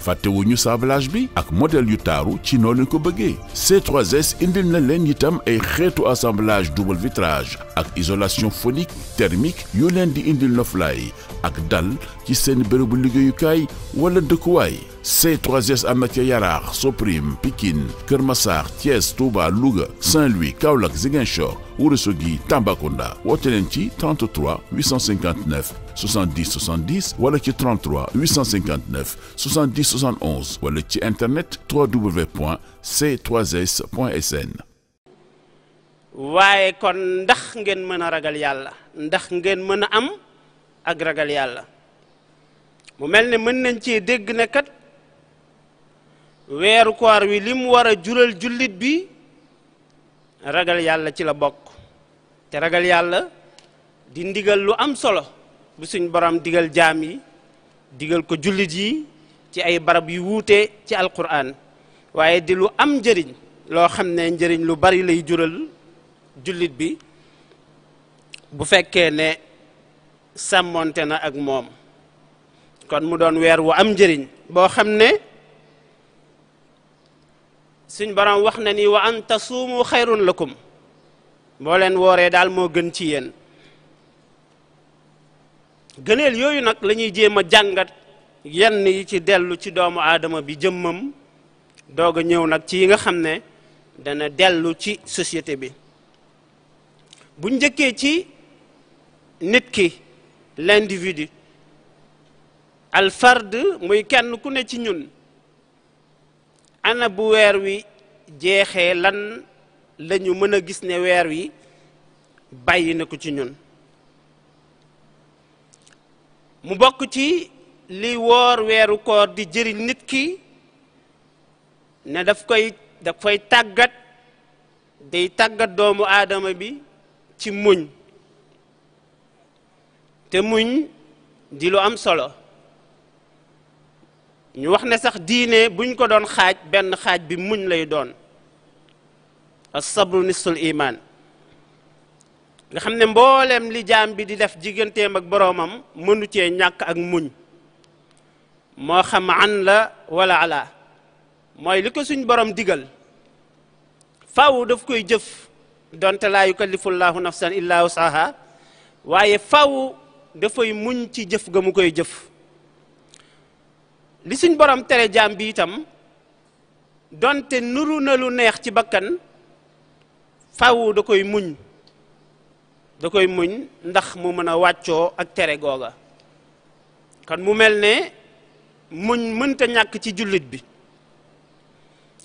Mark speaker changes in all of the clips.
Speaker 1: fàttewuñu sablage bi ak modèle yu taaru ci noo leen ko bëggee c indil na leen itam ay xeetu assemblage double vitrage ak isolation phonique thermique yu leen di indil noflaay ak dal ci seen bërëbu liggéeyukaay wala dëkkuwaay C3S am na ca Yaraax Soprim Pikine Kër Massar Thiès Touba Louga Saint-Louis Kaolack Ziguinchor Ourossogui Tambacounda woote leen ci 33 859 70 70 wala ci 33 859 70 71 wala ci internet www.c3s.sn.
Speaker 2: waaye kon ndax ngeen mën a ragal yàlla ndax ngeen mën a am ak ragal yàlla. mu mel ne mën nañ cee dégg ne kat weeru koor wi lim war a jural jullit bi ragal yàlla ci la bokk te ragal yàlla di ndigal lu am solo bu suñ borom digal jaam yi digal ko jullit yi ci ay barab yu wuute ci alxuraan waaye di lu am njëriñ loo xam ne njëriñ lu bari lay jural jullit bi bu fekkee ne sàmmoonte na ak moom kon mu doon weer wu am njëriñ boo xam ne suñ borom wax na ni wa an tasuumu la lakum boo leen wooree daal moo gën ci yéen gëneel yooyu nag lañuy ñuy jéem a jàngat yenn yi ci dellu ci doomu aadama bi jëmmam doog a ñëw nag ci yi nga xam ne dana dellu ci société bi bu njëkkee ci nit ki l'individu al fard muy kenn ku ne ci ñun ana bu weer wi jeexe lan lañu mën a gis ne weer wi bàyyi na ko ci ñun mu bokk ci li woor weeru koor di jëriñ nit ki ne daf koy daf tàggat day tàggat doomu aadama bi ci muñ te muñ di lu am solo ñu wax ne sax diine buñ ko doon xaaj benn xaaj bi muñ lay doon as-sabru nisful iman nga xam ne mboolem lijaam bi di def digganteem ak boroomam mënu cee ñàkk ak muñ moo xam an la wala ala mooy li ko suñ boroom digal faw daf koy jëf donte laa yukallifullahu nafsan illa wusaha waaye faw dafay muñ ci jëf ga mu koy jëf li suñ borom tere jaam bi itam donte nuru na lu neex ci bakkan fawu da koy muñ da koy muñ ndax mu mën a wàccoo ak tere googa kon mu mel ne muñ mënta ñàkk ci jullit bi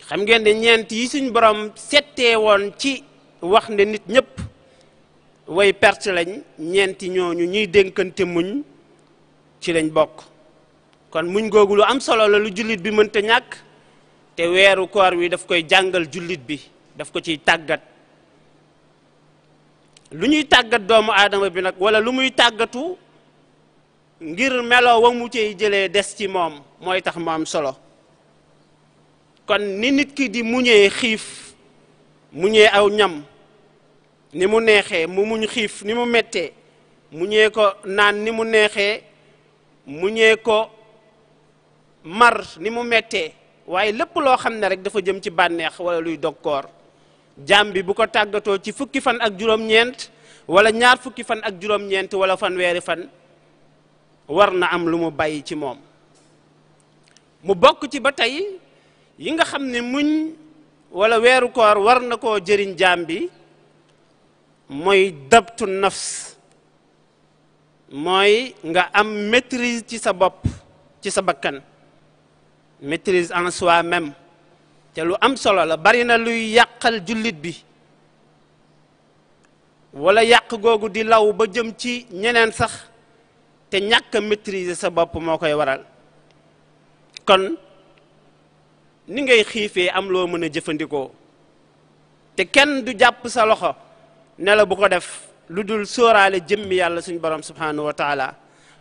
Speaker 2: xam ngeen ne ñeent yi suñ boroom settee woon ci wax ne nit ñëpp way perte lañ ñeenti ñooñu ñuy dénkante muñ ci lañ bokk kon muñ googu lu am solo la lu jullit bi mënta ñàkk te weeru koor wi daf koy jàngal jullit bi daf ko ciy tàggat lu ñuy tàggat doomu aadama bi nag wala lu muy tàggatu ngir meloo wa mu cey jëlee des ci moom mooy tax mu am solo kon ni nit ki di muñee xiif mu muñee aw ñam ni mu neexee mu muñ xiif ni mu mettee mu muñee ko naan ni mu neexee mu muñee ko mar ni mu mettee waaye lépp loo xam ne rek dafa jëm ci bànneex wala luy dog koor jaam bi bu ko tàggatoo ci fukki fan ak juróom-ñeent wala ñaar fukki fan ak juróom-ñeent wala fanweeri fan war na am lu mu bàyyi ci moom mu bokk ci ba tey yi nga xam ne muñ wala weeru koor war na koo jëriñ jaam bi mooy dabtu nafs mooy nga am maîtrise ci sa bopp ci sa bakkan maîtrise en soi-même te lu am solo la bari na luy yàqal jullit bi wala yàq googu di law ba jëm ci ñeneen sax te ñàkk a sa bopp moo koy waral kon ni ngay xiifee am loo mën a jëfandikoo te kenn du jàpp sa loxo ne la bu ko def lu dul sóoraale jëmmi yàlla suñu borom subhanahu wa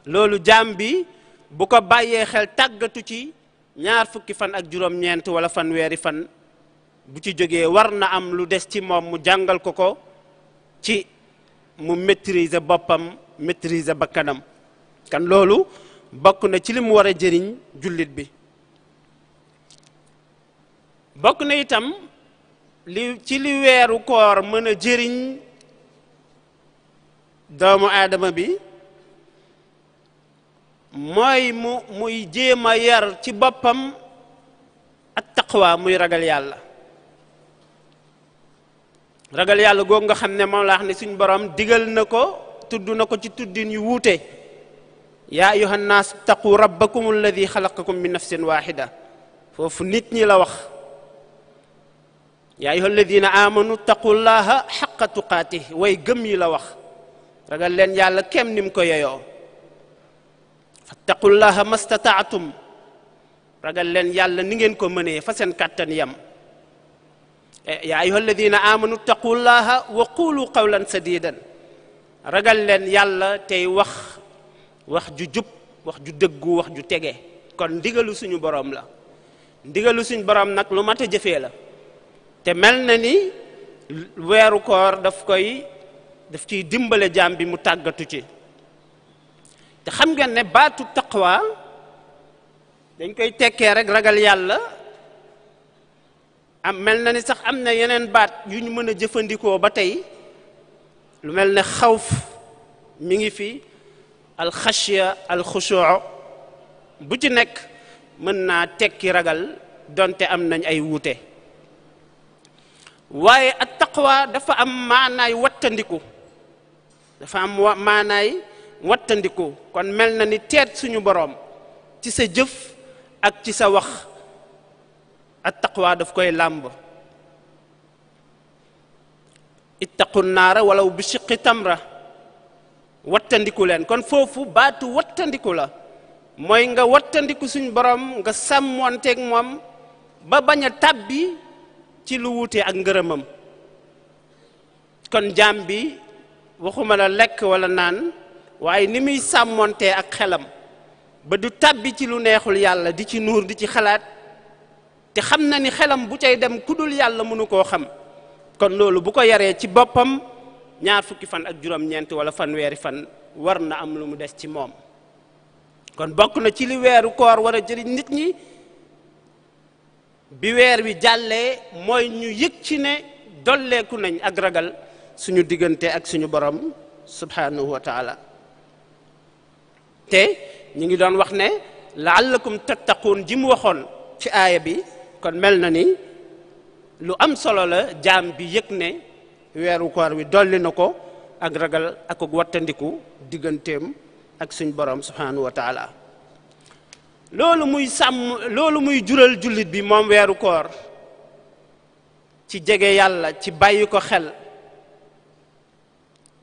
Speaker 2: loolu jaam bi bu ko bàyyee xel tàggatu ci ñaar fukki fan ak juróom-ñeent wala fanweeri fan bu ci jógee war na am lu des ci moom mu jàngal ko ko ci mu maîtriser boppam maîtriser bakkanam kan loolu bokk na ci li mu war a jëriñ jullit bi bokk na itam li ci li weeru koor mën a jëriñ doomu aadama bi mooy mu muy jéem a yar ci boppam ak taqwa muy ragal yàlla ragal yàlla googu nga xam ne moom laa ne suñ borom digal na ko tudd na ko ci tuddin yu wuute ya ayuha nnaas taqu rabbakum alladi xalaqakum min nafsin waxida foofu nit ñi la wax yaa ayuha alladina amanu taqullaha xaqa tuqaatih way gëm yi la wax ragal leen yàlla kem nim ko yeyoo taqullaha mastataatum ragal leen yàlla ni ngeen ko mënee fa seen kàttan yam eh, yaa ayuha alladina amanu taqullaha wa qulu qawlan sadidan ragal leen yàlla tey wax wax ju jub wax ju dëggu wax ju tege kon ndigalu suñu borom la ndigalu suñu borom nag lu mat a la te mel na ni weeru koor daf koy daf ciy dimbale jaam bi mu tàggatu ci te xam ngeen ne baatu taqwa dañ koy tekkee rek ragal yàlla am mel na ni sax am na yeneen baat yu ñu mën a jëfandikoo ba tey lu mel ni xawf mi ngi fi alxashiya alxushuu bu ci nekk mën naa tekki ragal donte am nañ ay wuute waaye ak taqwa dafa am maanaay wattandiku dafa am maanaay wattandiku kon mel na ni teet suñu boroom ci sa jëf ak ci sa wax at taqwa daf koy làmb ittaqu naara walaw bi shiqi tamra wattandiku leen kon foofu baatu wattandiku la mooy nga wattandiku suñu borom nga sàmmoonteeg moom ba bañ a tàbbi ci lu wuute ak ngërëmam kon jaam bi waxuma la lekk walla naan waaye ni muy sàmmontee ak xelam ba du tàbbi ci lu neexul yàlla di ci nuur di ci xalaat te xam na ni xelam bu cay dem ku dul yàlla mënu koo xam kon loolu bu ko yaree ci boppam ñaar fukki fan ak juróom-ñeent wala fanweeri fan war na am lu mu des ci moom kon bokk na ci li weeru koor war a jëriñ nit ñi bi weer wi jàllee mooy ñu yëg ci ne dolleeku nañ ak ragal suñu diggante ak suñu borom subhanahu wa te ñu ngi doon wax ne la laallakum tattaquun ji mu waxoon ci aaya bi kon mel na ni lu am solo la jaam bi yëg ne weeru koor wi dolli na ko ak ragal ak wattandiku digganteem ak suñ borom subhanahu wa loolu muy sàmm loolu muy jural jullit bi moom weeru koor ci jege yàlla ci bàyyi ko xel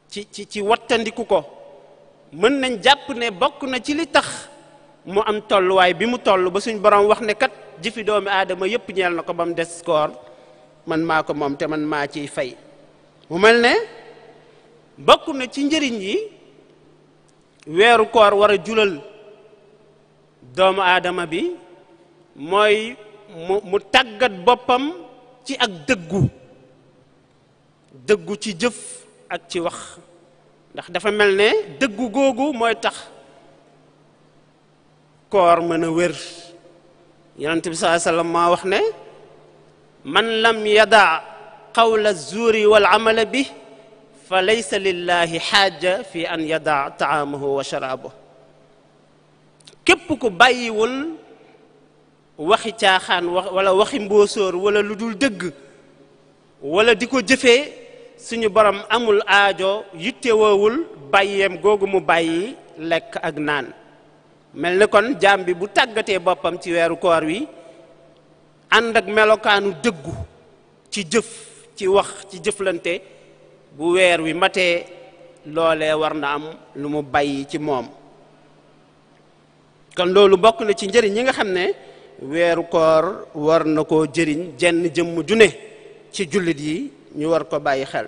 Speaker 2: ci ci ci wattandiku ko mën nañ jàpp ne bokk na ci li tax mu am tolluwaay bi mu toll ba suñ borom wax ne kat jëfi doomi aadama yëpp ñeel na ko ba mu des koor man maa ko moom te man maa ciy fay mu mel ne bokk na ci njëriñ yi weeru koor wara a julal doomu aadama bi mooy mu mu tàggat boppam ci ak dëggu dëggu ci jëf ak ci wax ndax dafa mel ne dëggu googu mooy tax koor mën a wér yonent bi sallallahu maa wax ne man lam yada qawla zuuri wal amala bi fa laysa lillahi xaaja fi an yada taamahu wa sharaabahu képp ku bàyyiwul waxi caaxaan wala waxi mbóosóor wala lu dul dëgg wala di ko jëfee suñu borom amul aajo yittewoowul bàyyeem googu mu bàyyi lekk ak naan mel na kon jaam bi bu tàggatee boppam ci weeru koor wi ànd ak melokaanu dëggu ci jëf ci wax ci jëflante bu weer wi matee loolee war na am lu mu bàyyi ci moom kon loolu bokk na ci njëriñ yi nga xam ne weeru koor war na ko jëriñ jenn jëmm ju ne ci jullit yi ñu war ko bàyyi xel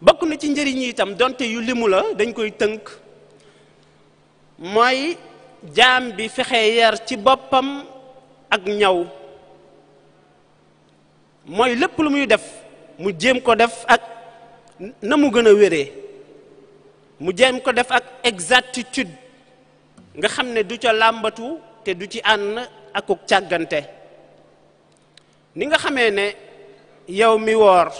Speaker 2: bokk na ci njëriñ yi itam donte yu limu la dañ koy tënk mooy jaam bi fexee yar ci boppam ak ñaw mooy lépp lu muy def mu jéem ko def ak na mu gën a wéree mu jéem ko def ak exactitude nga xam ne du ca làmbatu te du ci ànd akuk càggante ni nga xamee ne yow mi woor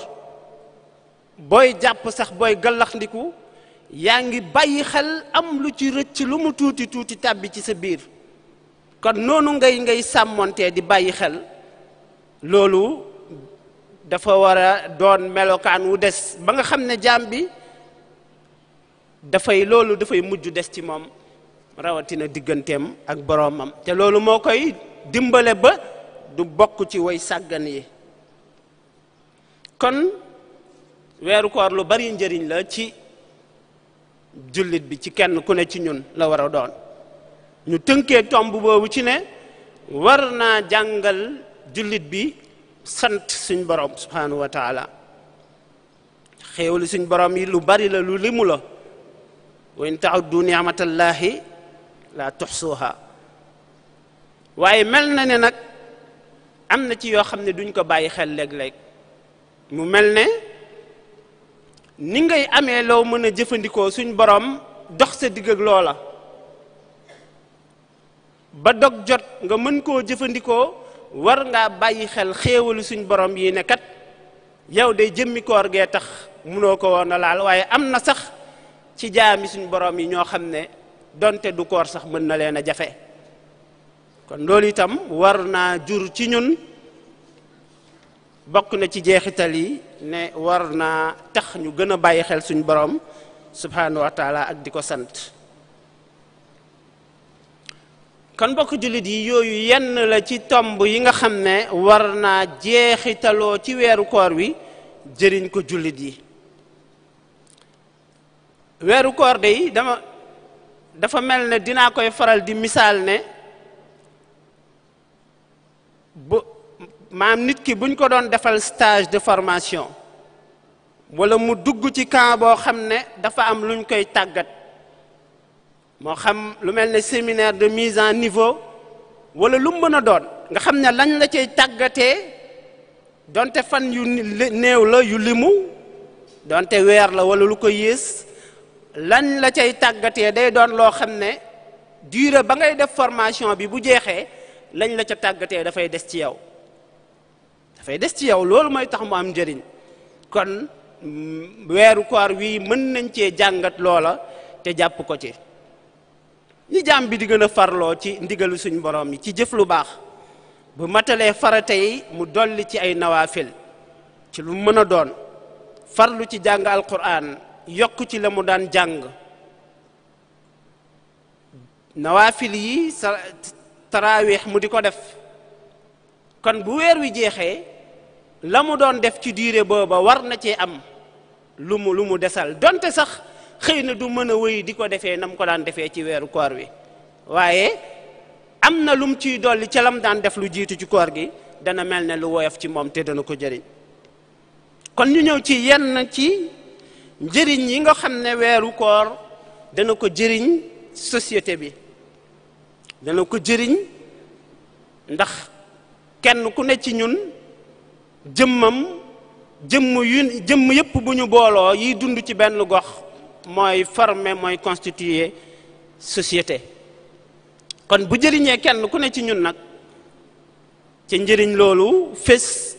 Speaker 2: booy jàpp sax booy gallaxndiku yaa ngi bàyyi xel am lu ci rëcc lu mu tuuti tuuti tàbbi ci sa biir kon noonu ngay ngay sàmmoontee di bàyyi xel loolu dafa war a doon melokaan wu des ba nga xam ne jaam bi dafay loolu dafay mujj des ci moom rawatina digganteem ak boroomam te loolu moo koy dimbale ba du bokk ci way sàggan yi kon weeru koor lu bari njariñ la ci jullit bi ci kenn ku ne ci ñun la war a doon ñu tënkee tomb boobu ci ne war naa jàngal jullit bi sant suñ borom subhanahu wa taala suñ borom yi lu bari la lu limu la wa in tauddu niamatallahi la tuxsuha waaye mel na ne nag am na ci yoo xam ne duñ ko bàyyi xel léeg-léeg mu mel ne ni ngay amee loo mën a jëfandikoo suñ borom dox sa digg ak loola ba dog jot nga mën koo jëfandikoo war ngaa bàyyi xel xéewalu suñ borom yi ne kat yow day jëmmi koor gee tax munoo ko woon laal waaye am na sax ci jaami suñ borom yi ñoo xam ne donte du koor sax mën na leen a jafe kon loolu itam war naa jur ci ñun bokk na ci jeexital yi ne war naa tax ñu gën a bàyyi xel suñu boroom subhaanahu ak di ko sant kon bokk jullit yi yooyu yenn la ci tomb yi nga xam ne war naa jeexitaloo ci weeru koor wi jëriñ ko jullit yi weeru koor de dama dafa mel ne dinaa koy faral di misaal ne bu maam nit ki buñ ko doon defal stage de formation wala mu dugg ci kan boo xam ne dafa am luñ koy tàggat moo xam lu mel ne séminaire de mise en niveau wala lu mën a doon nga xam ne lañ la cay tàggatee donte fan yu néew la yu limu donte weer la wala lu ko yées lañ la cay tàggatee day doon loo xam ne durée ba ngay def formation bi bu jeexee lañ la ca tàggatee dafay des ci yow dafay des ci yow loolu mooy tax mu am njariñ kon mm, weeru koor wii mën nañ cee jàngat loola te jàpp ko ci ñi jaam bi di gën a farloo ci ndigalu suñ borom yi ci jëf lu baax bu matalee farate yi mu dolli ci ay nawaafil ci lu mën a doon farlu ci jàng alquran yokk ci la mu daan jàng nawaafil yi sa taraawiix mu di ko def kon bu weer wi jeexee la mu doon def ci diire booba war na cee am lu mu lu mu desal donte sax xëy na du mën a wéy di ko defee nam ko daan defee ci weeru koor wi waaye am na lum ciy dolli ca lam daan def lu jiitu ci koor gi dana mel ne lu woyof ci moom te dana ko jëriñ kon ñu ñëw ci yenn ci njëriñ yi nga xam ne weeru koor dana ko jëriñ société bi dana ko jëriñ ndax kenn ku ne ci ñun jëmmam jëmm yu jëmm yëpp bu ñu booloo yiy dund ci benn gox mooy former mooy constituer société kon bu jëriñee kenn ku ne ci ñun nag ci njëriñ loolu fés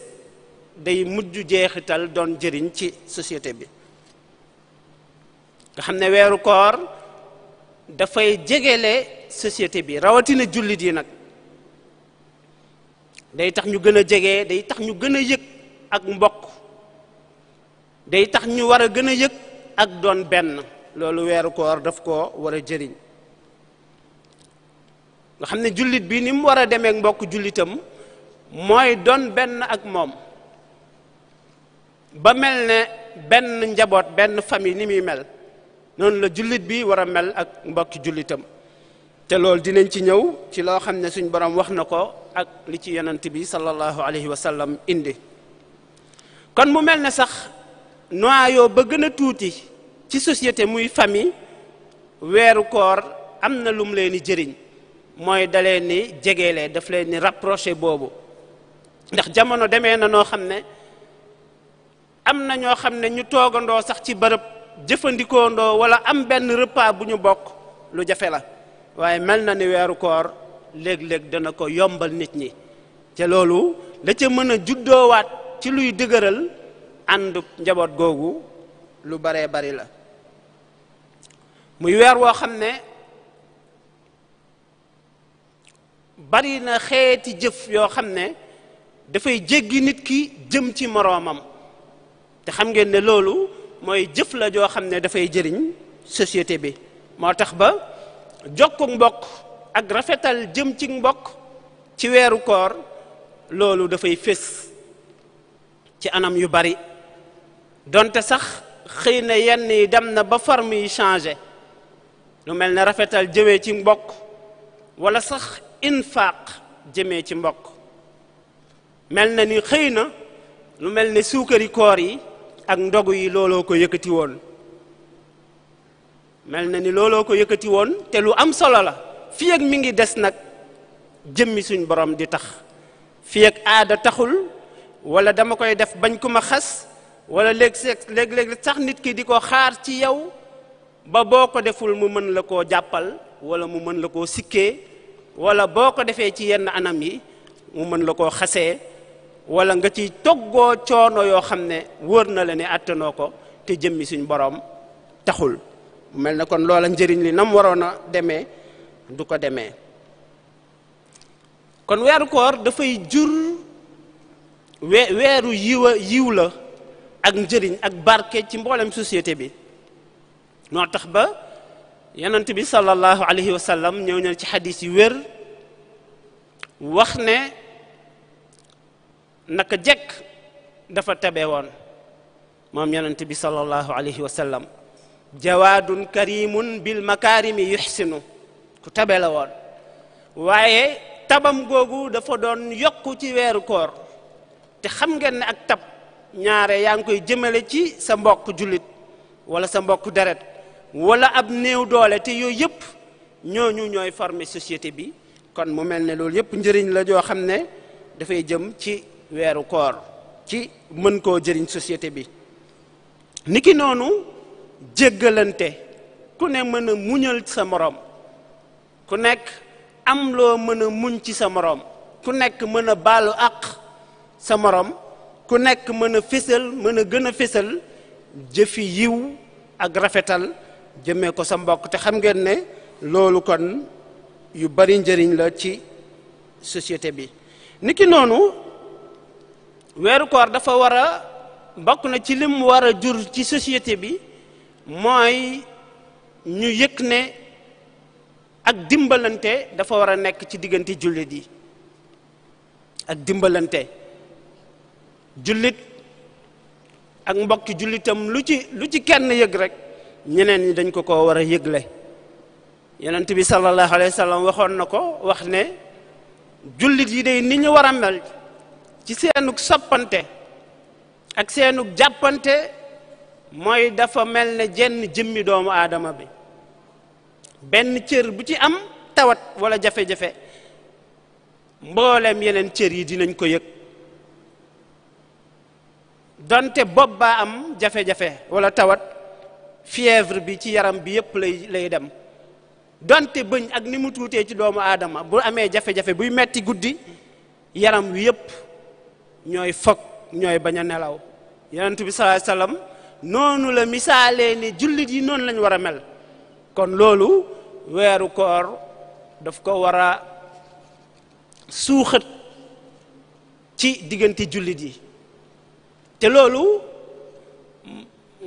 Speaker 2: day mujj jeexital doon njëriñ ci société bi nga xam ne weeru koor dafay jegele société bi rawatina jullit yi nag day tax ñu gën a jege day tax ñu gën a yëg ak mbokk day tax ñu war a gën a yëg ak doon benn loolu weeru koor daf koo war a jëriñ nga xam ne jullit bi ni mu war a demee mbokk jullitam mooy doon benn ak moom ba mel ne benn njaboot benn famille ni muy mel noonu la jullit bi war a mel ak mbokki jullitam te loolu dinañ ci ñëw ci loo xam ne suñ borom wax na ko ak li ci yonent bi sallallahu alayhi wa sallam indi kon mu mel na sax noyau ba gën a tuuti ci société muy famille weeru koor am na lum leen di jëriñ mooy da ni jegeele daf leen ni rapproché boobu ndax jamono demee na noo xam ne am na ñoo xam ne ñu toogandoo sax ci bërëb jëfandikoondoo wala am benn repas bu ñu bokk lu jafe la waaye mel na ni weeru koor léeg-léeg dana ko yombal nit ñi te loolu la ca mën a juddoowaat ci luy dëgëral àndu njaboot googu lu baree bari la muy weer woo xam ne bari na xeeti jëf yoo xam ne dafay jéggi nit ki jëm ci moroomam te xam ngeen ne loolu mooy jëf la joo xam ne dafay jëriñ société bi moo tax ba jokku mbokk ak rafetal jëm ci mbokk ci weeru koor loolu dafay fés ci anam yu bari donte sax xëy na yenn yi dem na ba forme yi changé lu mel ne rafetal jëmee ci mbokk wala sax infaaq jëme ci mbokk mel na ni xëy na lu mel ne suukari koor yi ak ndogu yi looloo ko yëkkati woon mel na ni looloo ko yëkkati woon te lu am solo la fii ak mi ngi des nag jëmmi suñ borom di tax fii ak aada taxul wala dama koy def bañ ku ma xas wala léeg léeg sax nit ki di ko xaar ci yow ba boo ko deful mu mën la koo jàppal wala mu mën la koo sikkee wala boo ko defee ci yenn anam yi mu mën la koo xasee wala nga ciy toggoo coono yoo xam ne wóor na la ne àttanoo ko te jëmmi suñ boroom taxul mel na kon loola njëriñ li nam waroon a demee du ko demee kon weeru koor dafay jur we weeru yiw yiw la ak njëriñ ak barke ci mboolem société bi noo tax ba yonent bi sallallahu alayhi wa sallam ñëw na ci xadis yi wér wax ne naka jëkk dafa tabe woon moom yenent bi sallallahu alayhi wa sallam jawaadun karimun bil makaarimi yuxsinu ku tabe la woon waaye tabam googu dafa doon yokku ci weeru koor te xam ngeen ne ak tab ñaare yaa ngi koy jëmale ci sa mbokk jullit wala sa mbokk deret wala ab néew doole te yooyu yëpp ñooñu ñooy former société bi kon mu mel ne loolu yëpp njëriñ la joo xam ne dafay jëm ci weeru koor ci mën koo jëriñ société bi niki jéggalante ku ne mën a muñal sa moroom ku nekk am loo mën a muñ ci sa moroom ku nekk mën a baalu àq sa morom ku nekk mën a fésal mën a gën a fésal jëfi yiw ak rafetal jëmee ko sa mbokk te xam ngeen ne loolu kon yu bari njëriñ la ci société bi ni ki noonu weeru koor dafa war a bokk na ci lim war a jur ci société bi mooy ñu yëkk ne ak dimbalante dafa war a nekk ci diggante jullit yi ak dimbalante jullit ak mbokki jullitam lu ci lu ci kenn yëg rek ñeneen ñi dañ ko ko war a yëgle yonent bi sallallahu alayhi waxoon na ko wax ne jullit yi day ni ñu war a mel ci seenug soppante ak seenug jàppante mooy dafa mel ne jenn jëmmi doomu aadama bi benn cër bu ci am tawat wala jafe-jafe mboolem yeneen cër yi dinañ ko yëg donte bopp baa am jafe-jafe wala tawat fièvre bi ci yaram bi yépp lay dem donte bëñ ak ni mu tuutee ci doomu aadama bu amee jafe-jafe buy metti guddi yaram wi yépp ñooy fog ñooy bañ a nelaw yonent bi sallallahu noonu la misaalee ne jullit yi noonu lañu war a mel kon loolu weeru koor daf ko war a suuxat ci diggante jullit yi te loolu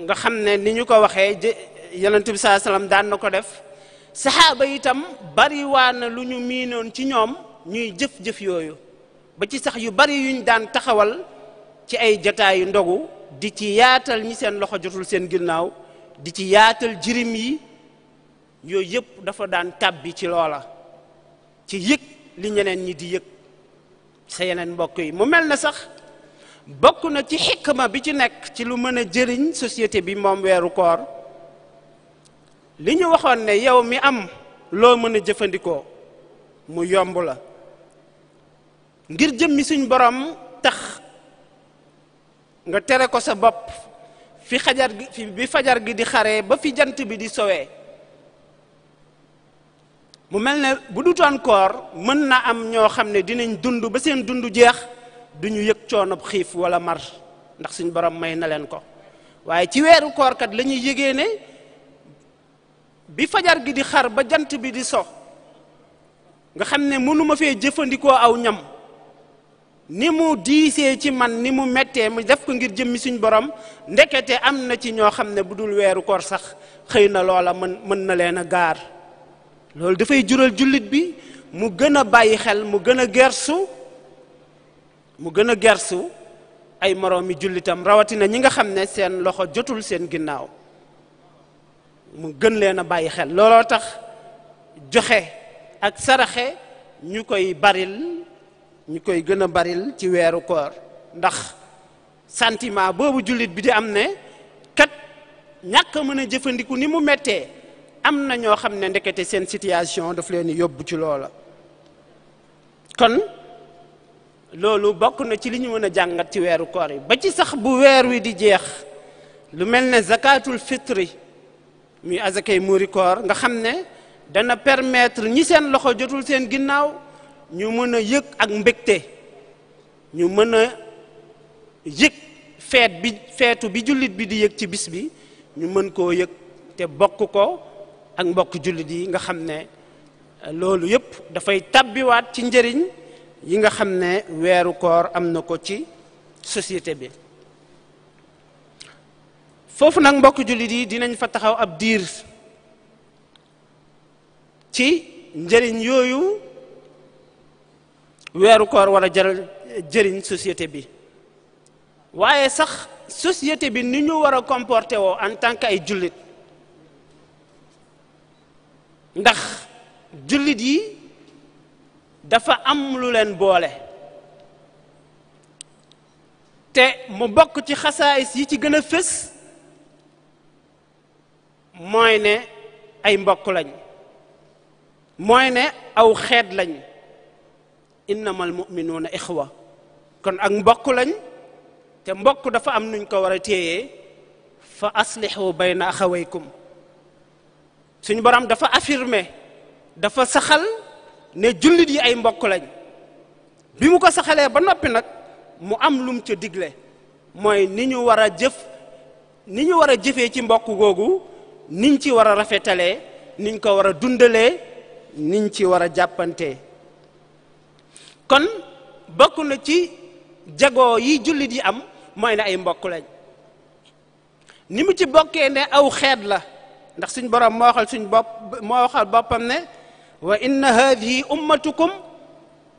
Speaker 2: nga xam ne ni ñu ko waxee yonent bi saa daan na ko def saxaaba itam bariwaana waa lu ñu miinoon ci ñoom ñuy jëf-jëf yooyu ba ci sax yu bari yuñ daan taxawal ci ay jataayu ndogu di ci yaatal ñi seen loxo jotul seen ginnaaw di ci yaatal jirim yi yooyu yëpp dafa daan tàbbi ci loola ci yëg li ñeneen ñi di yëg sa yeneen mbokk yi mu mel na sax bokk na ci xikma bi ci nekk ci lu mën a jëriñ société bi moom weeru koor li ñu waxoon ne yow mi am loo mën a jëfandikoo mu yomb la ngir jëmmi suñ borom tax nga tere ko sa bopp fi xajar gi bi fajar gi di xaree ba fi jant bi di sowee mu mel ne bu dutoon koor mën na am ñoo xam ne dinañ dund ba seen dund jeex duñu yëg coonob xiif wala mar ndax suñ borom may na leen ko waaye ci weeru koor kat la ñuy ne bi fajar gi di xar ba jant bi di so nga xam ne mënuma fee jëfandikoo aw ñam ni mu diisee ci man ni mu mettee mu def ko ngir jëmmi suñu borom ndekete am na ci ñoo xam ne bu dul weeru koor sax xëy na loola mën mën na leen a gaar loolu dafay jural jullit bi mu gën a bàyyi xel mu gën a gersu mu gën a gersu ay moroomi jullitam rawatina ñi nga xam ne seen loxo jotul seen ginnaaw mu gën leen a bàyyi xel looloo tax joxe ak saraxe ñu koy baril ñu koy gën a baril ci weeru cor ndax santiment boobu jullit bi di am ne kat ñàkk a mën a jëfandiku ni mu mettee am na ñoo xam ne ndekete seen situation daf leen yóbbu ci loola kon loolu bokk na ci li ñu mën a jàngat ci weeru koor yi ba ci sax bu weer wi di jeex lu mel ne zakatul fitri muy azakay muuri koor nga xam ne dana permettre ñi seen loxo jotul seen ginnaaw ñu mën a yëg ak mbégte ñu mën a yëg feet bi feetu bi jullit bi di yëg ci bis bi ñu mën koo yëg te bokk ko ak mbokk jullit yi nga xam ne loolu yëpp dafay tàbbiwaat ci njëriñ yi nga xam ne weeru koor am na ko ci société bi foofu nag mbokk jullit yi dinañ fa taxaw ab diir ci njëriñ yooyu weeru koor war a jaral jëriñ société bi waaye sax société bi ni ñu war a comporté woo en tant que ay jullit ndax jullit yi dafa am lu leen boole te mu mbokk ci xasaayis yi ci gën a fës mooy ne ay mbokk lañ mooy ne aw xeet lañ innamal muminuuna ixwa kon ak mbokk lañ te mbokk dafa am nuñ ko war a téyee fa aslixu bayna axawaykum suñu borom dafa affirmé dafa saxal ne jullit yi ay mbokk lañ bi mu ko saxalee ba noppi nag mu am lum ci digle mooy ni ñu war a jëf ni ñu war a jëfee ci mbokk googu niñ ci war a rafetalee niñ ko war a dundalee niñ ci war a jàppantee kon bokk na ci jagoo yi jullit yi am mooy na ay mbokk lañ ni mu ci bokkee ne aw xeet la ndax suñ borom moo waxal suñ bopp moo waxal boppam ne wa inna haadihi ummatukum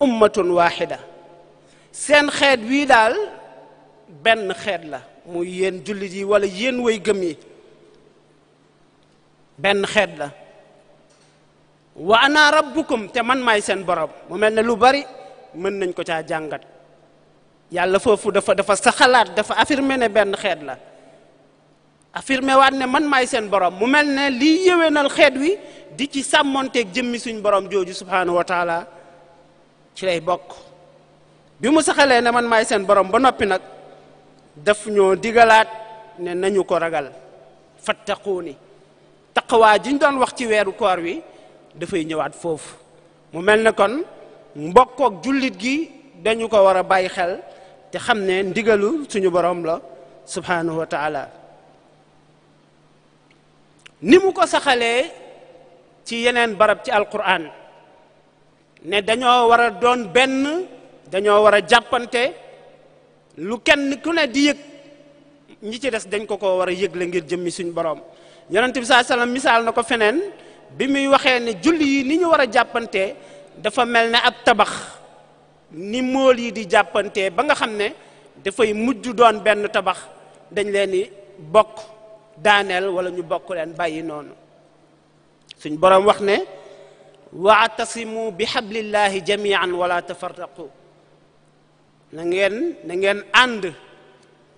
Speaker 2: ummatun waaxida seen xeet wii daal benn xeet la muy yéen jullit yi wala yéen way gëm yi benn xeet la wa ana rabbukum te man may seen borom mu mel ne lu bari mën nañ ko caa jàngat yàlla foofu dafa dafa saxalaat dafa affirmer ne benn xeet la affirmer waat ne man may seen borom mu mel ne lii yéwénal xeet wi di ci sàmmonteeg jëmmi suñ borom jooju subhaanahu wa taala ci lay bokk bi mu saxalee ne man may seen borom ba noppi nag daf ñoo digalaat ne nañu ko ragal fattaquuni taqwaa ji ñu doon wax ci weeru koor wi dafay ñëwaat foofu mu mel ne kon mbokkook jullit gi dañu ko war a bàyyi xel te xam ne ndigalu suñu boroom la subhanahu wa ni mu ko saxalee ci yeneen barab ci alquran ne dañoo war a doon benn dañoo war a jàppante lu kenn ku ne di yëg ñi ci des dañ ko ko war a yëgle ngir jëmmi suñu borom yonent bi saa sallam misaal na ko feneen bi muy waxee ne julli yi ni ñu war a jàppante dafa mel ne ab tabax ni mool yi di jàppantee ba nga xam ne dafay mujj doon benn tabax dañ leen di bokk daaneel wala ñu bokk leen bàyyi noonu suñ boroom wax ne waatasimu bi xablillahi jamian wala tafarraqu na ngeen na ànd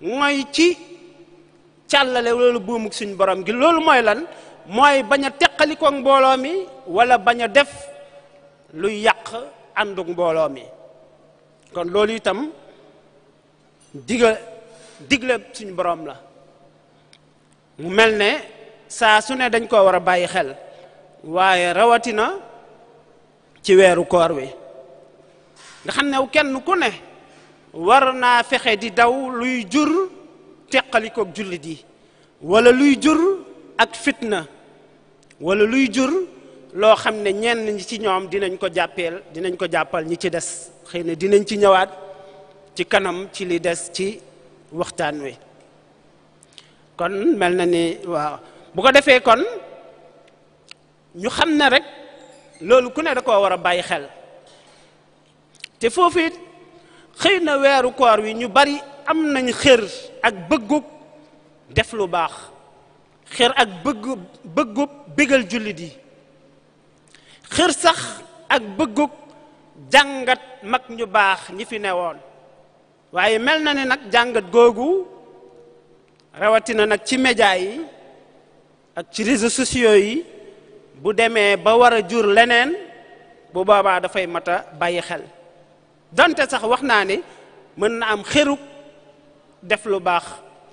Speaker 2: mooy ci càllale loolu buumug suñ borom gi loolu mooy lan mooy bañ a teqalikoo mbooloo mi wala bañ a def luy yàq ànduk mbooloo mi kon loolu itam digal digle suñu boroom la mu mel ne saa su ne dañ koo war a bàyyi xel waaye rawatina ci weeru koor wi nga xam ne kenn ku ne war naa fexe di daw luy jur teqalikook jullit yi walla luy jur ak fitna wala luy jur loo xam ne ñenn ñi ci ñoom dinañ ko jàppeel dinañ ko jàppal ñi ci des xëy na dinañ ci ñëwaat ci kanam ci li des ci waxtaan wi kon mel na ni waaw bu ko defee kon ñu xam ne rekk loolu ku ne da koo war a bàyyi xel te foofu it xëy na weeru koor wi ñu bari am nañ xër ak bëggub def lu baax xër ak bëgg bëggub bégal jullit yi xër sax ak bëggug jàngat mag ñu baax ñi fi ne woon waaye mel na ne nag jàngat googu rawatina nag ci média yi ak ci réseaux sociaux yi bu demee ba war a jur leneen bu boobaa dafay mat a bàyyi xel donte sax wax naa ne mën na am xërug def lu baax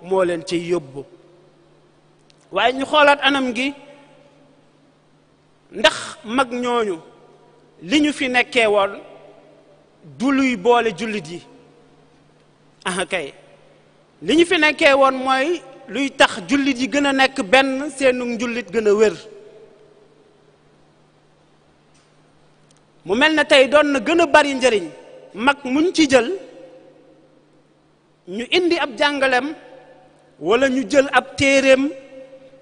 Speaker 2: moo leen ci yóbbu waaye ñu xoolaat anam gi ndax mag ñooñu li ñu fi nekkee woon du luy boole jullit yi ah kay li ñu fi nekkee woon mooy luy tax jullit yi gën a nekk benn seenu njullit gën a wér mu mel ne tey doon na gën a bari njariñ mag muñ ci jël ñu indi ab jàngalem walla ñu jël ab téereem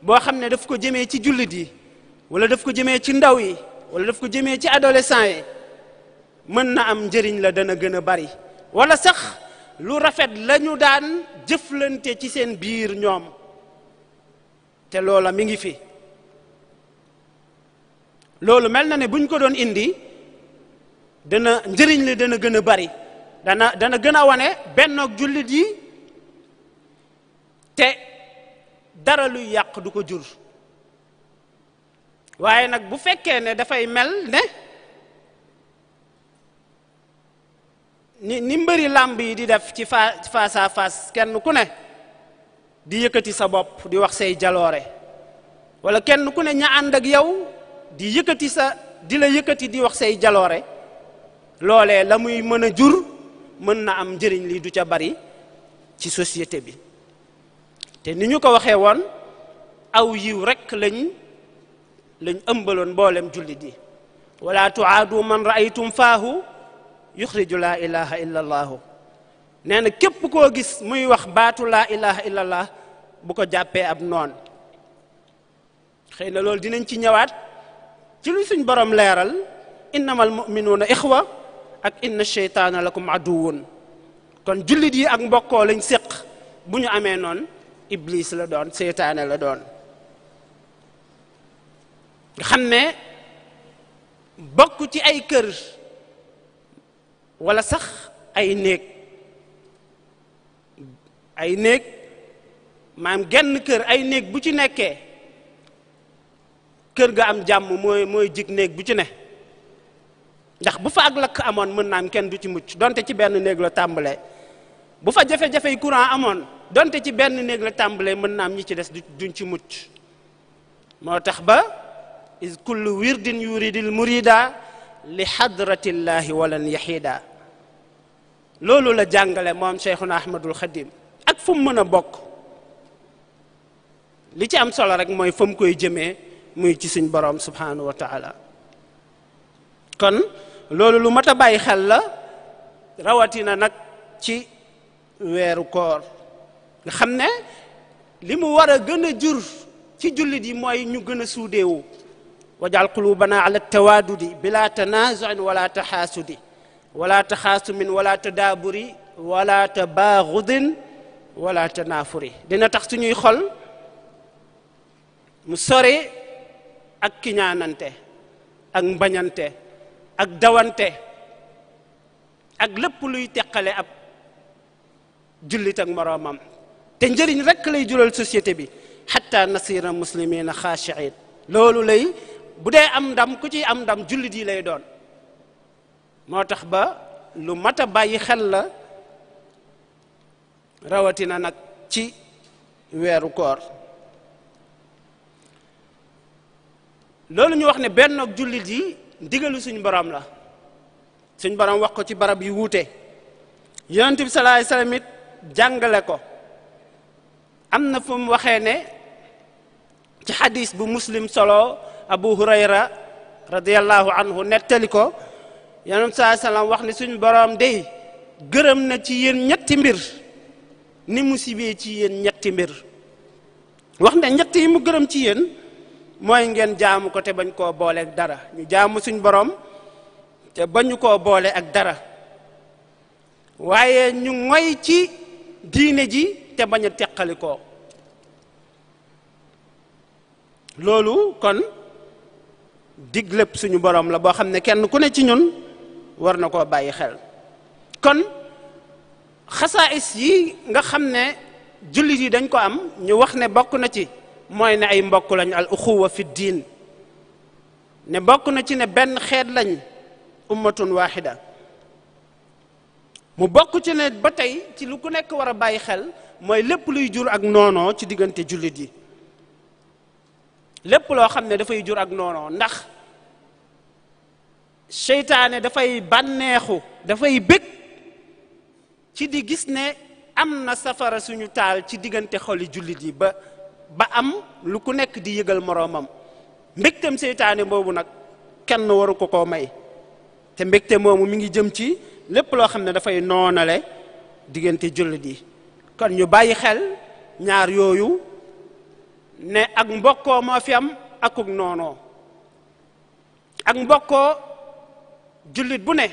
Speaker 2: boo xam ne daf ko jëmee ci jullit yi wala daf ko jëmee ci ndaw yi wala daf ko jëmee ci adolescent yi mën na am njëriñ la dana gën a bari walla sax lu rafet la ñu daan jëflante ci seen biir ñoom te loola mi ngi fi loolu mel na ne buñ ko doon indi dana njëriñ la dana gën a bari dana dana gën a wane benn ak jullit yi te dara luy yàq du ko jur waaye nag bu fekkee ne dafay mel ne ni ni mbëri làmb yi di def ci fa face à kenn ku ne di yëkkati sa bopp di wax say jaloore wala kenn ku ne ña ànd ak yow di yëkkati sa di la yëkkati di wax say jaloore loolee la muy mën a jur mën na am njëriñ li du ca bari ci société bi te ni ñu ko waxee woon aw yiw rekk lañ lañ ëmbaloon mboolem jullit yi wala tuaadu man raaytum faahu yuxriju laa ilaha illa allaahu nee na képp ko gis muy wax baatu laa ilaha illa allah bu ko jàppee ab noon xëy na loolu dinañ ci ñëwaat ci lu suñ borom leeral innamal muminuuna ixwa ak inna cheytaana lakum aduwun kon jullit yi ak mbokkoo lañ séq bu ñu amee noon iblis la doon seytaane la doon nga xam ne bokk ci ay kër wala sax ay néeg ay néeg maam genn kër ay néeg bu ci nekkee kër ga am jàmm mooy mooy jig néeg bu ci ne ndax bu fa ak lakk amoon mën naa am kenn du ci mucc donte ci benn néeg la tàmbalee bu fa jafe-jafey courant amoon donte ci benn néeg la tàmbalee mën naam am ñi ci des duñ ci mucc moo tax ba is kullu wirdin yuridil murida li xadratillahi walla yaxiida loolu la jàngale moom cheikhuna ahmadul xadim ak fu mu mën a bokk li ci am solo rek mooy fa mu koy jëmee muy ci suñ borom subhanahu wa kon loolu lu mat a bàyyi xel la rawatina nag ci weeru koor nga xam ne li mu war a gën a jur ci jullit yi mooy ñu gën a suudeewu wajal qulubana ala tawaadudi bila tanaazuin wala taxaasudi wala taxaasumin wala tadaaburi wala tabaaxudin wala tanaafuri dina tax suñuy xol mu sore ak kiñaanante ak mbañante ak dawante ak lépp luy teqale ab jullit ak moroomam te njëriñ rekk lay jural société bi xatta nasira muslimina xaashiin loolu lay bu dee am ndam ku ci am ndam jullit yi lay doon moo tax ba lu mat a bàyyi xel la rawatina nag ci weeru koor loolu ñu wax ne benn ak jullit yi ndigalu suñ borom la suñ borom wax ko ci barab yi wuute yonent bi sallallahu jàngale ko am na fu mu waxee ne ci xadis bu muslim solo abu hurayra radiallahu anhu nettali ko yonent saa salaam wax ni suñ boroom dey gërëm na ci yéen ñetti mbir ni mu sibee ci yéen ñetti mbir wax na ñett yi mu gërëm ci yéen mooy ngeen jaamu ko te bañ koo boole ak dara ñu jaamu suñ borom te bañu koo boole ak dara waaye ñu ngoy ci diine ji te bañ a teqali ko loolu kon digleb suñu boroom la boo xam ne kenn ku ne ci ñun war na koo bàyyi xel kon xasaais yi nga xam ne jullit yi dañ ko am ñu wax ne bokk na ci mooy ne ay mbokk lañ al uxuwa diin ne bokk na ci ne benn xeet lañ ummatun waahida mu bokk ci ne ba tey ci lu ku nekk war a bàyyi xel mooy lépp luy jur ak noonoo ci diggante jullit yi lépp loo xam ne dafay jur ak noonoo ndax seytaane dafay bànneexu dafay bëgg ci di gis ne am na safara suñu taal ci diggante xoli jullit yi ba ba am lu ku nekk di yëgal moroomam mbégteem seytaane boobu nag kenn waru ko koo may te mbégte moomu mi ngi jëm ci lépp loo xam ne dafay noonale diggante jullit yi kon ñu bàyyi xel ñaar yooyu ne ak mbokkoo moo fi am akuk noonoo ak mbokkoo jullit bu ne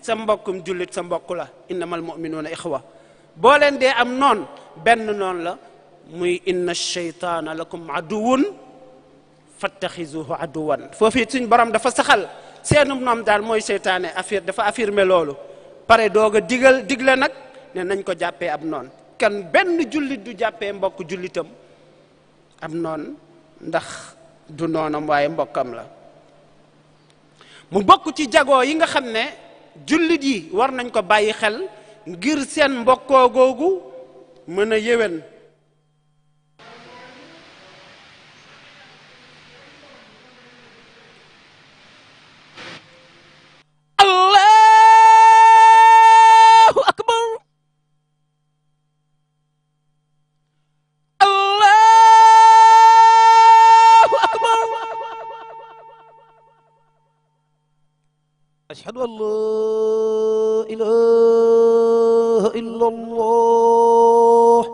Speaker 2: sa mbokkum jullit sa mbokk la innamal muminuuna ixwa boo leen dee am noon benn noon la muy inna la lakum aduwun fattaxizuhu aduwan foofii suñ borom dafa saxal seenum noom daal mooy seytaane affir dafa affirmer loolu pare doog a digal nag ne nañ ko jàppee am noon kan benn jullit du jàppee mbokk jullitam ab noon ndax du noonam waaye mbokkam la mu bokk ci jago yi nga xam ne jullit yi war nañ ko bàyyi xel ngir seen mbokkoo googu mën a yéwén ashhadu an laa
Speaker 3: ilaaha illa allah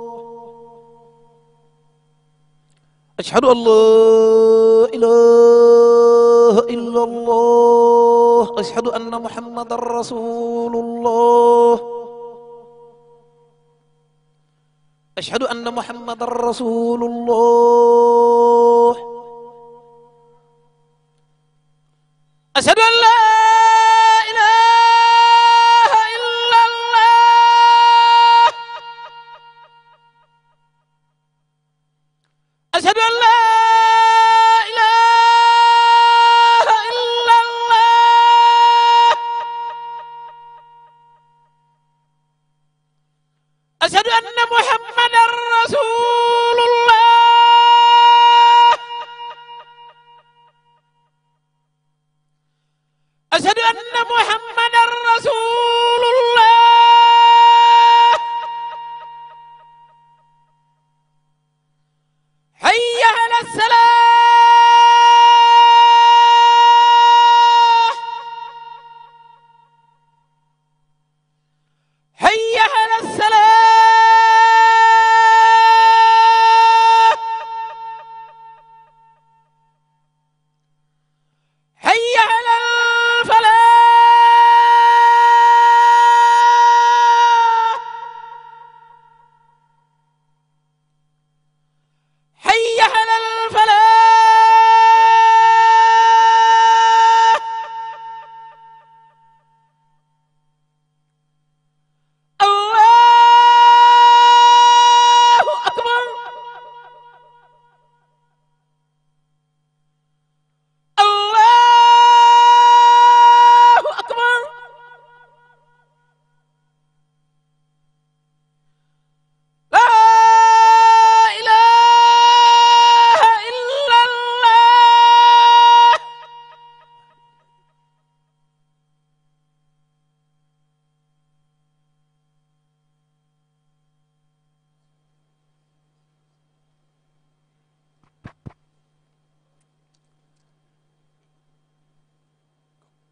Speaker 3: ashhadu an laa ilaaha
Speaker 2: illa allah ashhadu anna muhammadan rasulullah ashhadu anna muhammadan rasulullah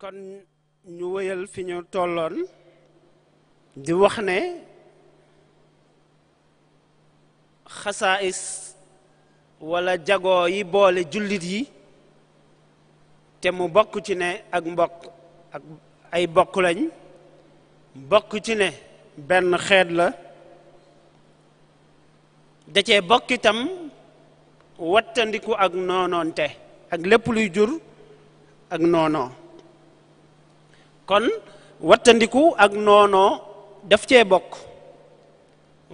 Speaker 2: kon ñu wëyal fi ñu tolloon di wax ne xasaais wala jagoo yi boole jullit yi te mu bokk ci ne ak mbokk ak ay bokk lañ bokk ci ne benn xeet la da cee bokk itam wattandiku ak noonoonte ak lépp luy jur ak noonoo kon wattandiku ak noonoo daf cee bokk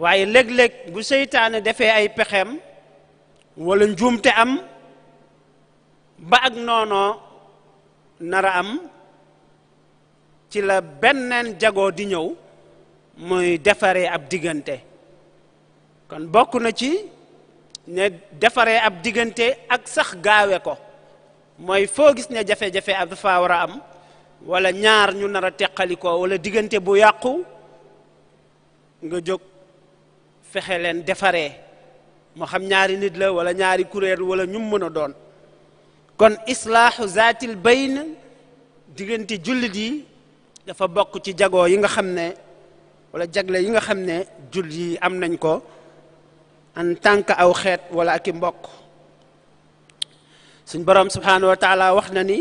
Speaker 2: waaye léeg-léeg bu seytaane defee ay pexeem wala njuumte am ba ak noonoo nara am ci la benneen jagoo di ñëw muy defaree ab diggante kon bokk na ci ne defaree ab diggante ak sax gaawe ko mooy foo gis ne jafe-jafe ab dafa war am wala ñaar ñu nar a teqalikoo wala diggante bu yàqu nga jóg fexe leen defaree moo xam ñaari nit la wala ñaari kuréel wala ñu mën a doon kon islaaxu zaatil bayn diggante jullit yi dafa bokk ci jagoo yi nga xam ne wala jagle yi nga xam ne jullit yi am nañ ko en tant aw xeet wala ak i mbokk suñ boroom subhanahu wa wax na ni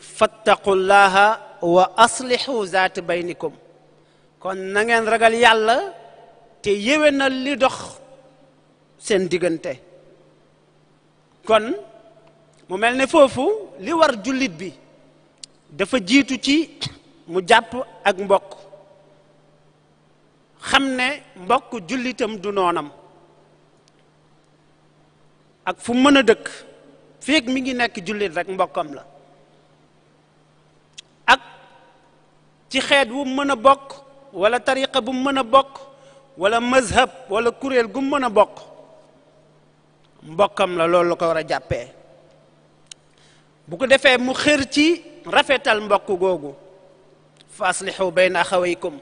Speaker 2: fattaqullaha wa aslihu zaata baynikum kon nangeen ragal yàlla te yéwénal li dox seen diggante kon mu mel ne foofu li war jullit bi dafa jiitu ci mu jàpp ak mbokk xam ne mbokk jullitam du noonam ak fu mën a dëkk feek mi ngi nekk jullit rek mbokkam la ci xeet wu mën a bokk wala tariqa bu mën a bokk wala mazhab wala kuréel gu mën a bokk mbokkam la loolu la ko war a jàppee bu ko defee mu xér ci rafetal mbokk googu fa aslihu bayna axawaykum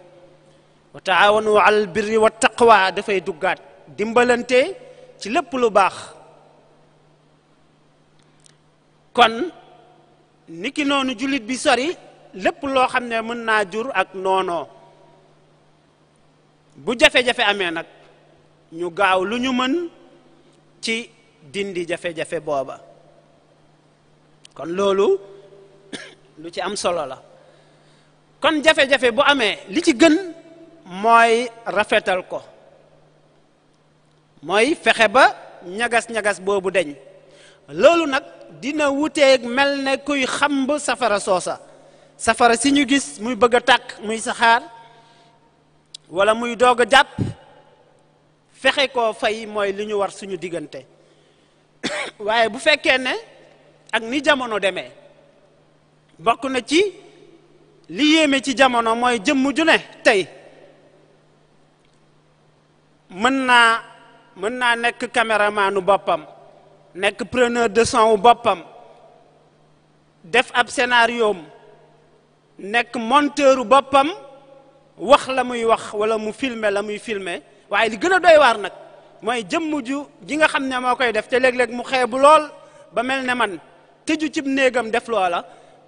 Speaker 2: wa taawanu alal birri wa taqwa dafay duggaat dimbalante ci lépp lu baax kon niki noonu jullit bi sori lépp loo xam ne mën naa jur ak noonoo bu jafe-jafe amee nag ñu gaaw lu ñu mën ci dindi jafe-jafe booba kon loolu lu ci am solo la kon jafe-jafe bu amee li ci gën mooy rafetal ko mooy fexe ba ñagas-ñagas boobu deñ loolu nag dina wuteeg mel ne kuy xamb safara soosa safara si ñu gis muy bëgg a tàkk muy saxaar wala muy doog a jàpp fexe koo fay mooy li ñu war suñu diggante waaye bu fekkee ne ak ni jamono demee bokk na ci li yéeme ci jamono mooy jëmm ju ne tey mën naa mën naa nekk caméramanu boppam nekk preneur de son wu boppam def ab scénario am nekk monteuru boppam wax la muy wax wala mu filmer la muy filme waaye li gën a doy waar nag mooy jëmm ju ji nga xam ne moo koy def te léeg-léeg mu xeebu lool ba mel ne man tëju cib néegam def loola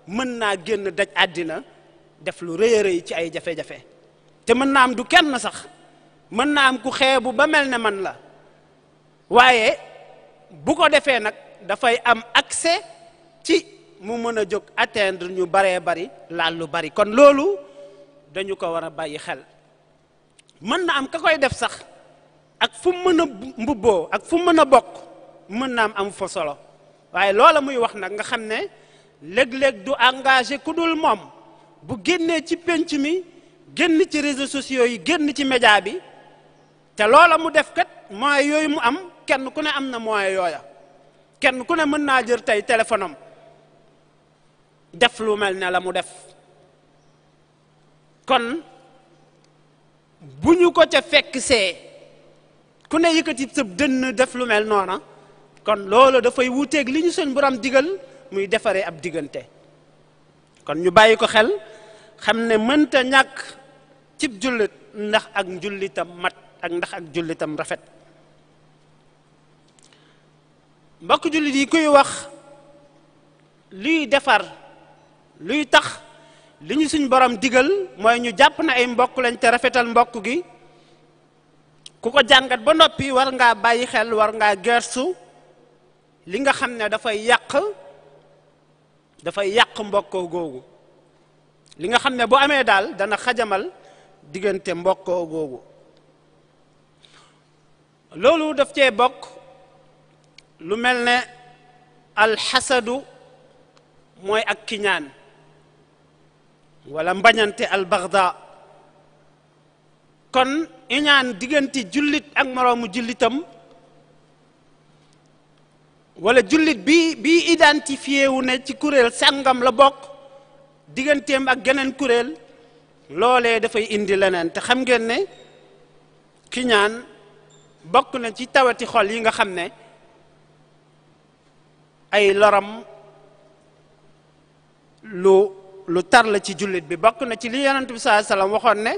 Speaker 2: mën naa génn daj àddina def lu rëy a rëy ci ay jafe-jafe te mën naa am du kenn sax mën naa am ku xeebu ba mel ne man la waaye bu ko defee nag dafay am accès ci mu mën a jóg atteindre ñu baree bari laal lu bari kon loolu dañu ko war a bàyyi xel mën na am ka koy def sax ak fu mën a mbubboo ak fu mën a bokk mën na am amu fa solo waaye loola muy wax nag nga xam ne léeg-léeg du engagé ku dul moom bu génnee ci pénc mi génn ci réseau sociaux yi génn ci média bi te loola mu def kat moyens yooyu mu am kenn ku ne am na moyens yooya kenn ku ne mën naa jër tey téléphone am def lu mel ne la mu def kon bu ñu ko ca fekk see ku ne yëkkati sëb dënn def lu mel noona kon loolu dafay wuuteeg li ñu suñ borom digal muy defaree ab diggante kon ñu bàyyi ko xel xam ne mënta ñàkk cib jullit ndax ak njullitam mat ak ndax ak jullitam rafet mbokk jullit yi kuy wax luy defar luy tax li ñu suñ borom digal mooy ñu jàpp na ay mbokk lañ te rafetal mbokk gi ku ko jàngat ba noppi war ngaa bàyyi xel war ngaa gersu li nga xam ne dafay yàq dafay yàq mbokkoo googu li nga xam ne bu amee daal dana xajamal diggante mbokkoo googu loolu daf cee bokk lu mel ne alxasadu mooy ak kiñaan walla mbañante al baxda kon iñaan diggante jullit ak moroomu jullitam wala jullit bi bi identifié wu ne ci kuréel sangam la bokk digganteem ak geneen kuréel loole dafay indi leneen te xam ngeen ne kiñaan bokk na ci taweti xol yi nga xam ne ay loram lu lu tar la ci jullit bi bokk na ci li yonent bi sallallahu alayhi wasallam waxoon ne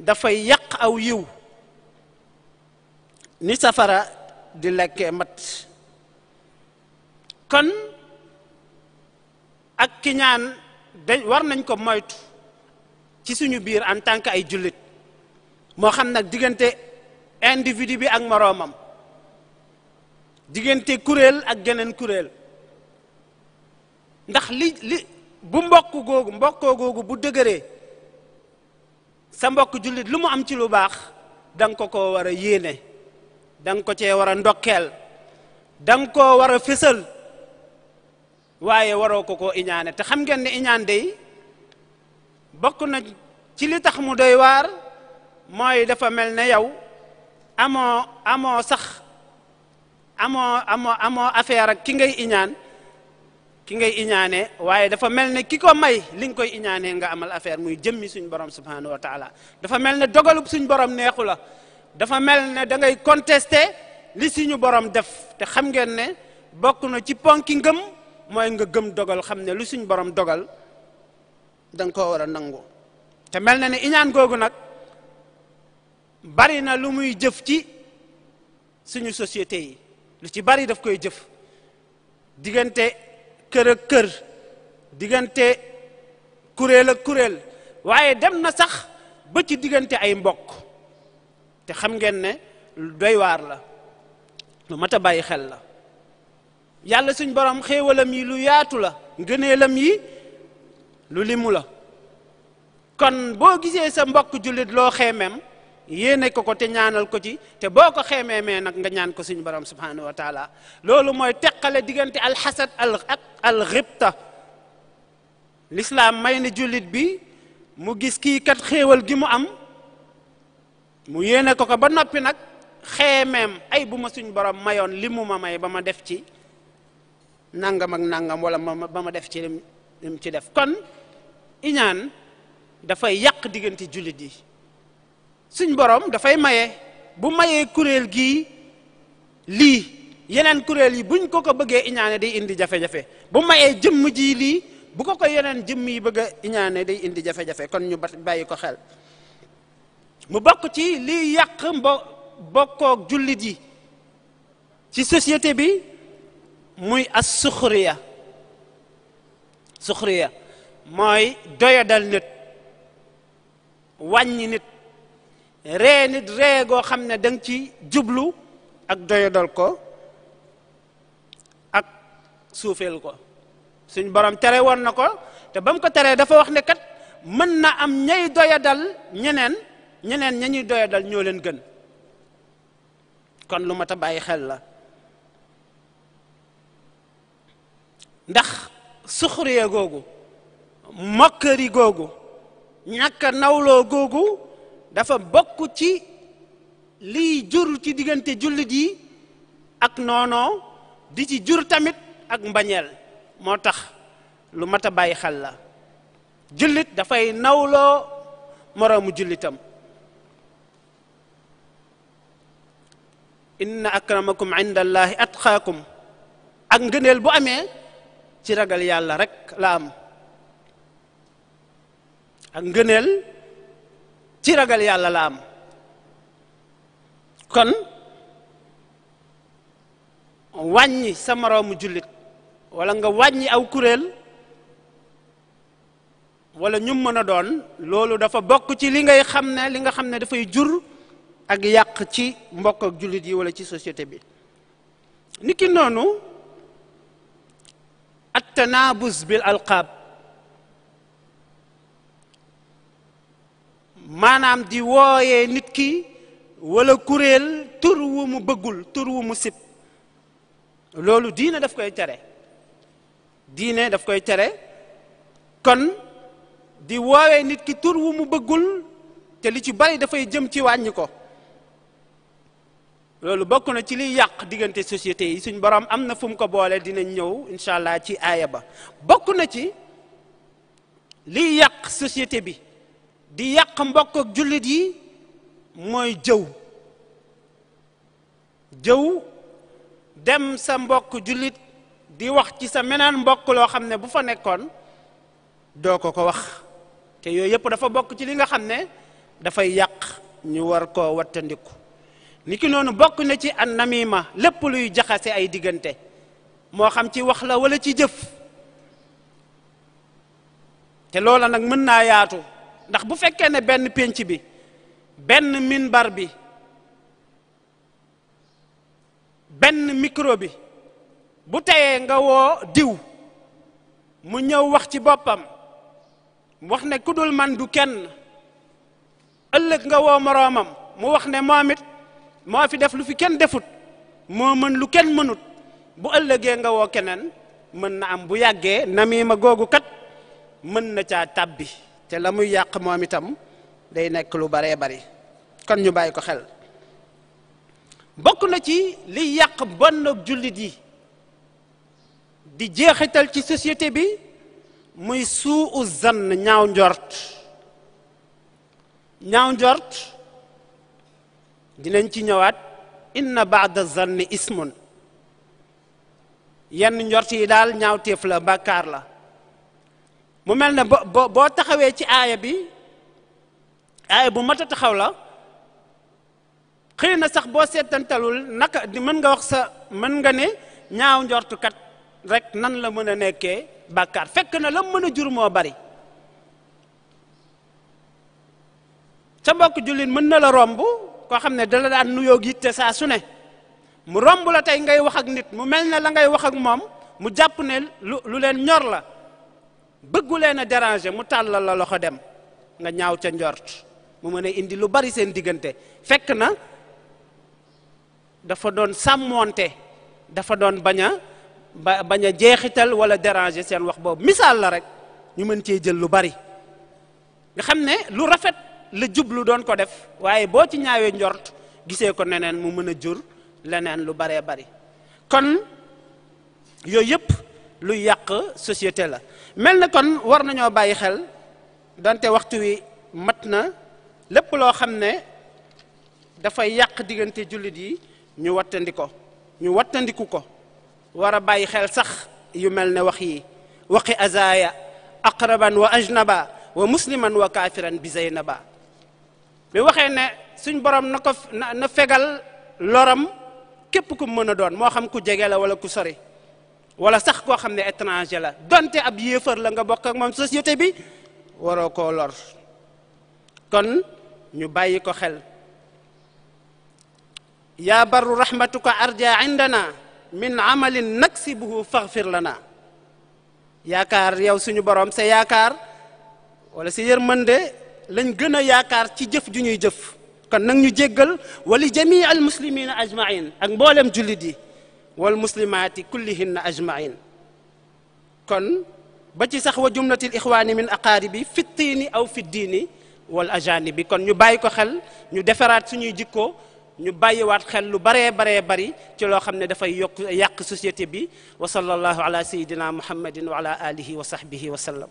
Speaker 2: dafay yàq aw yiw ni safara di lekkee mat kon ak kiñaan dañ war nañ ko moytu ci suñu biir en tant que ay jullit moo xam nag diggante individu bi ak moroomam diggante kuréel ak geneen kuréel ndax li li bu mbokk googu mbokkoo googu bu dëgëree sa mbokk jullit lu mu am ci lu baax da ko ko koo war a yéene da ko ce war a ndokkeel da nga koo war a fésal waaye waroo ko ko iñaane te xam ngeen ne iñaan day bokk na ci li tax mu doy waar mooy dafa mel ne yow amoo amoo sax amoo amoo amoo affaire ak ki ngay iñaan ki ngay iñaane waaye dafa mel ne ki ko may li nga koy iñaanee nga amal affaire muy jëmmi suñu borom subhanahu wa taala dafa mel ne dogalub suñu borom neexu la dafa mel ne dangay ngay li suñu borom def te xam ngeen ne bokk na ci ponki ngëm mooy nga gëm dogal xam ne lu suñ borom dogal danga nga koo war a nangu te mel na ne iñaan googu nag bari na lu muy jëf ci suñu societé yi lu ci bari daf koy jëf diggante kër ak kër diggante kuréel ak kuréel waaye dem na sax ba ci diggante ay mbokk te xam ngeen ne doy la lu mat a bàyyi xel la yàlla suñ borom xéewalam yi lu yaatu la ngëneelam yi lu limu la kon boo gisee sa mbokk jullit loo xeemem yéene ko ko te ñaanal ko ci te boo ko xeemee mee nag nga ñaan ko suñu borom subhanahu wa taala loolu mooy teqale diggante alxasad al ak al xibta lislaam may na jullit bi mu gis kii kat xéewal gi mu am mu yéene ko ko ba noppi nag xeemeem ay bu ma suñu borom mayoon li mu ma may ba ma def ci nangam ak nangam wala ma ba ma def ci lim ci def kon iñaan dafay yàq diggante jullit yi suñ borom dafay maye bu mayee kuréel gii lii yeneen kuréel yi buñ ko ko bëggee iñaane day indi jafe-jafe bu mayee jëmm ji lii bu ko ko yeneen jëmm yi bëgg iñaane day indi jafe-jafe kon ñu bàyyi ko xel mu bokk ci liy yàq mbo jullit yi ci société bi muy as suxriya suxriya mooy doyadal nit wàññi nit ree nit ree goo xam ne da nga ci jublu ak doyadal ko ak suufeel ko suñ borom tere woon na ko te ba mu ko teree dafa wax ne kat mën na am ñay doyadal ñeneen ñeneen ña ñuy doyadal ñoo leen gën kon lu mat a bàyyi xel la ndax suxuree googu mokkari googu ñàkk nawloo googu dafa bokk ci liy jur ci diggante jullit yi ak noonoo di ci jur tamit ak mbañeel moo tax lu mat a bàyyi xel la jullit dafay nawloo moroomu jullitam inna akramakum inda allahi atqaakum ak ngëneel bu amee ci ragal yàlla rek la am ak ngëneel ci ragal yàlla la am kon wàññi sa moroomu jullit wala nga wàññi aw kuréel wala ñu mën a doon loolu dafa bokk ci li ngay xam ne li nga xam ne dafay jur ak yàq ci mbokk ak jullit yi wala ci société bi niki noonu at tanaabus bil alqaab maanaam di wooyee nit ki wala kuréel tur wu mu bëggul tur wu mu sib loolu diine daf koy tere diine daf koy tere kon di woowee nit ki tur wu mu bëggul te li ci bari dafay jëm ci wàññi ko loolu bokk na ci liy yàq diggante société yi suñ borom am na fu mu ko boole dinañ ñëw incha allah ci aaya ba bokk na ci liy yàq société bi di yàq mbokk ak jullit yi mooy jëw jëw dem sa mbokk jullit di wax ci sa meneen mbokk loo xam ne bu fa nekkoon doo ko ko wax te yooyu yëpp dafa bokk ci li nga xam ne dafay yàq ñu war koo wattandiku niki noonu bokk na ci an namima lépp luy jaxase ay diggante moo xam ci wax la walla ci jëf te loola nag mën naa yaatu ndax bu fekkee ne benn pénc bi benn minbar bi benn micro bi bu teyee nga woo diw mu ñëw wax ci boppam wax ne ku dul man du kenn ëllëg nga woo moroomam mu wax ne moom moo fi def lu fi kenn defut moo mën lu kenn mënut bu ëllëgee nga woo keneen mën na am bu yàggee namiima googu kat mën na caa tàbbi te la muy yàq moom itam day nekk lu baree bari kon ñu bàyyi ko xel bokk na ci li yàq mbon ak jullit yi di jeexatal ci société bi muy suu u zann ñaaw njort ñaaw njort dinañ ci ñëwaat inna baada zanni ismun yenn njort yi daal ñaawteef la bàkkaar la mu mel ne boo boo taxawee ci aaya bi aaya bu mat a taxaw la xëy na sax boo seetantalul naka di mën nga wax sa mën nga ne ñaaw njortukat rek nan la mën a nekkee bàkkaar fekk na la mën a jur moo bari sa mbokk jullit mën na la romb koo xam ne dala daan nuyoo yitte saa su ne mu romb la tey ngay wax ak nit mu mel ne la ngay wax ak moom mu jàpp ne lu lu leen ñor la bëggu leen a déranger mu tàllal la loxo dem nga ñaaw ca njort mu mën a indi lu bari seen diggante fekk na dafa doon sàmmoonte dafa doon bañ a ba bañ a jeexital wala déranger seen wax boobu misaal la rek ñu mën cee jël lu bari nga xam ne lu rafet la jublu doon ko def waaye boo ci ñaawee njort gisee ko neneen mu mën a jur leneen lu baree bari kon yooyu yëpp. lu yàq société la mel na kon war nañoo bàyyi xel dante waxtu wi mat na lépp loo xam ne dafay yàq diggante jullit yi ñu wattandi ñu wattandiku ko war a bàyyi xel sax yu mel ne wax yi waxi azaya aqraban wa ajnaba wa musliman wa kaafiran bi zaynaba bi waxee ne suñ borom na ko na fegal loram képp ku mën a doon moo xam ku jege la wala ku sori wala sax koo xam ne étranger la donte ab yéefar la nga bokk ak moom société bi waroo ko lor kon ñu bàyyi ko xel yaa barru rahmatuka arja indana min amalin naksibuhu faghfir lana yaakaar yow suñu borom sa yaakaar wala sa de lañ gën a yaakaar ci jëf ju ñuy jëf kon nag ñu jéggal wali jamii al muslimina ajmain ak mboolem jullit yi wal muslimaati kullihinna ajmain kon ba ci sax wa jumlatil ixwaani min aqaaribi fi tiini aw fi diini wal ajaanibi kon ñu bàyyi ko xel ñu defaraat suñuy jikko ñu bàyyiwaat xel lu baree baree bari ci loo xam ne dafay yokk yàq société bi wa sallallahu ala sayidina muhammadin wa ala alihi wa sahbihi wa sallam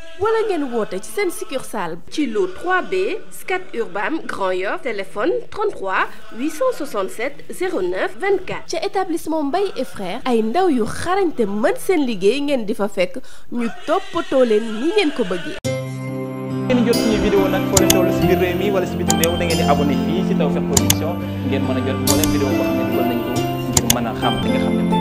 Speaker 4: wala ngeen woote ci seen succursale ci lu 3B Scat Urbam Grand Yoff téléphone 33 867 09 24 ca établissement Mbaye et frères ay ndaw yu xarañte mën seen liggéey ngeen di fa fekk ñu toppatoo leen ni ngeen ko bëggee ngeen
Speaker 2: jot suñu vidéo nag foo leen toll si biir réew mi wala si bitim réew da ngeen di abonné fii si Tawfekh Production ngeen mën a moo leen vidéo boo xam ngir xam li